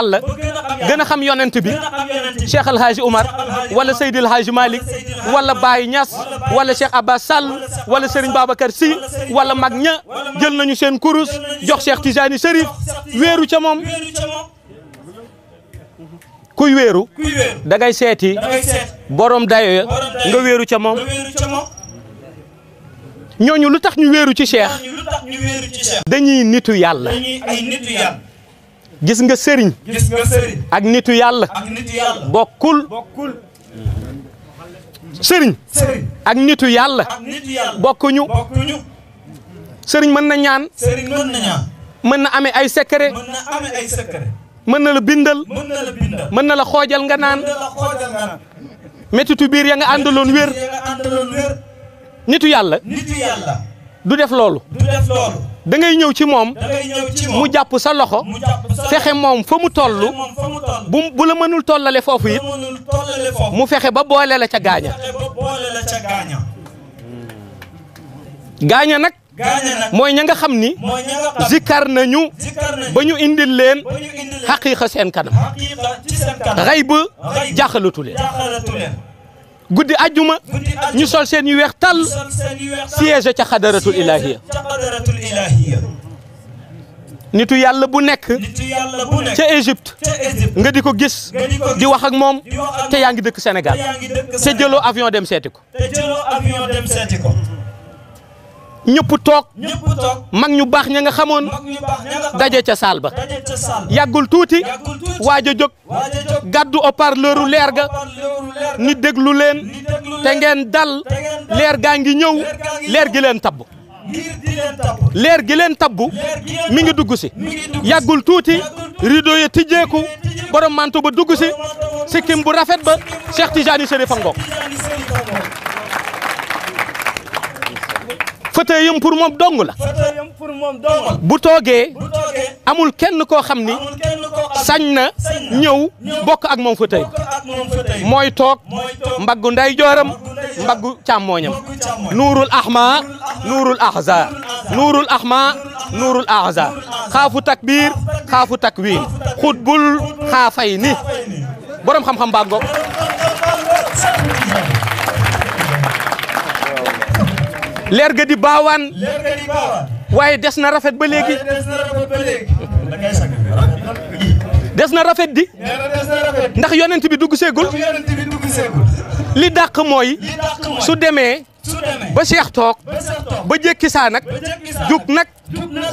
àlla gën a xam yonent bi Cheikh El Umar wala Seydi El Hadj Malick wala Baye Niass wala Cheikh Abbas Sall wala Serigne Babacar Sy wala mag ña jël nañu seen kurus jox Cheikh Tijani Cherif weeru ca moom kuy wéeru da seeti borom dayo nga wéeru ca moom ñooñu lu tax ñu wéeru ci Cheikh dañuy nitu yàlla. gis nga sëriñ. gis ak nitu yàlla. ak nitu yàlla bokkul. sëriñ. ak nitu yàlla. ak nitu yàlla bokkuñu. sëriñ mën na ñaan. mën na ame ay secret. mën na amee ay secret. mën na la bindal. mën na la xoojal nga naan. mën biir ya nga àndaloon wér. nitu du def loolu. da ñëw ci moom mu jàpp sa loxo fexe moom fa mu toll bu la mënul tollale foofu it mu fexe ba boole la ca gaaña gaaña nag mooy ña nga xam ni zikkar nañu ba ñu indil leen xaqiiqa seen kanam xay ba jaaxalatu guddi ajuma ñu sol seen yu weex tàll siège ca xadaratul ilahiya nitu yàlla bu nekk ca Égypte nga di ko gis di wax ak moom te yaa ngi dëkk Sénégal te jëloo avion dem seeti ko. ñëpp toog mag ñu baax ña nga xamoon daje ca saal ba yàggul tuuti waaj a jóg gàddu haut-parleuru leer ga ni déglu leen te ngeen dal leer gaa ngi ñëw leer gileen leen leer gi leen tabbu mi ngi dugg si yàggul tuuti rideau ya tijjeeku borom manto ba dugg si sikkim bu rafet ba ti Tidiane Chérif a ngoog fauteuil pour moom dong la. bu toogee. amul kenn koo xam ni. sañ na ñëw bokk ak moom fauteuil mooy toog mbaggu nday jooram mbaggu càmmooñam nuurul ahma nuurul ahza nuurul ahma nuurul ahza xaafu takbir xaafu takwiin xutbul xaafay ni borom xam-xam baa ngoog leer ga di baawaan. waaye des na rafet ba léegi. des na rafet di. ndax yonent bi dugg seegul. ndax yonent bi dugg seegul. li dàq mooy. su demee. su ba Cheikh toog. ba Cheikh toog ba jékki saa nag. ba jékki nag.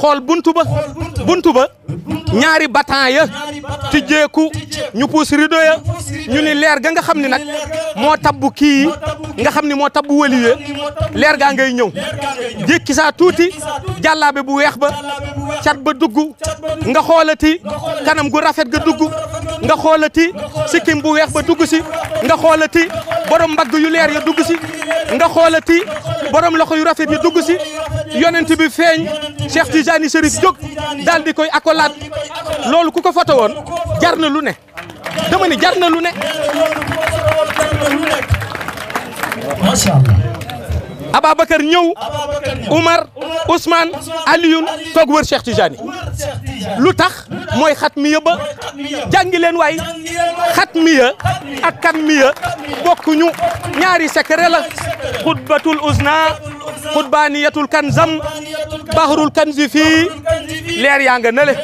xool buntu ba buntu ba ñaari batan ya tijjeeku ñu puus rideau ya ñu ni leer ga nga xam ni nag moo bu kii nga xam ni moo tabbu wëliwee leer gaa ngay ñëw jékki saa tuuti jàllaabe bu weex ba cat ba duggu nga xoolati kanam gu rafet ga duggu nga xoolati sikkim bu weex ba dugg si nga xoolati borom mbagg yu leer ya dugg si nga xoolati borom loxo yu rafet ya dugg si yonent bi feeñ Cheikh Tijani Chérif jóg daal di koy accolade loolu ku ko foto woon jar na lu ne dama ni lu ne. macha allah. Ababacar ñëw Umar Ousmane Alioune toog wër Cheikh Tijani lu tax mooy xat mi ya ba jàngi leen waay xat mi ya ak kan ñaari secret xutbatul uzna xutbaaniyatul kanzam baxrul kanzi fii leer yaa nga nale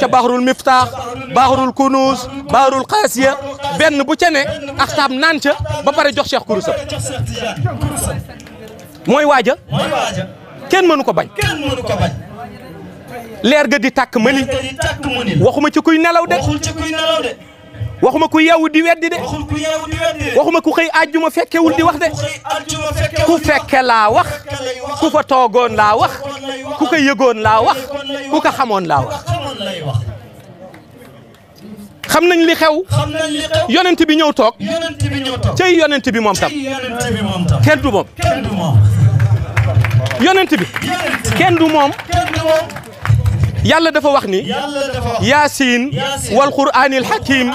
ca baxrul miftaax baxrul kunuus baxrul xaasiya benn bu ca ne naan ca ba pare jox cheikh kurusam mooy waaja kenn mënu ko bañ leer ga di tàkk mëni waxuma ci kuy nelaw de waxuma ku yeewu di weddi de waxuma ku xëy àjjuma fekkewul di wax de ku fekke laa wax ku fa toogoon laa wax ku ko yëgoon laa wax ku ko xamoon laa wax xam nañ li xew yonent bi ñëw toog cey yonent bi moom tam kenn du moom yonent bi kenn yàlla dafa wax ni yaasiin wal quraanil hakiim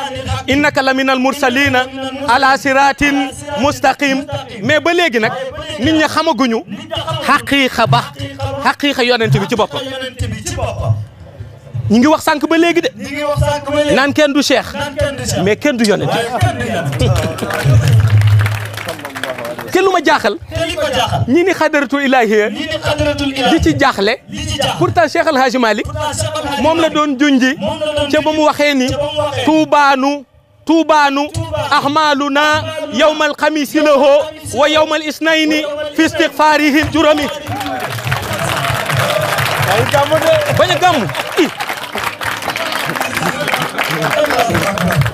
innaka la minal mursaliina ala siraatin mustaqim mais ba léegi nag nit ñi xamaguñu xaqiiqa ba xaqiiqa yonent bi ci boppam ñi ngi wax sànq ba léegi de naan kenn du cheikh mais kenn du yonent kenn lu ma jaaxal ñi ni xadaratul ilaahiya di ci jaaxle pourtant Cheikh El Hadj Malick moom la doon junji ca ba mu waxee ni tuubaanu tuubaanu ahmaluna yawmal xamisi lahoo wa yawmal isnayni fi istigfaarihi jurami bañ a gàmm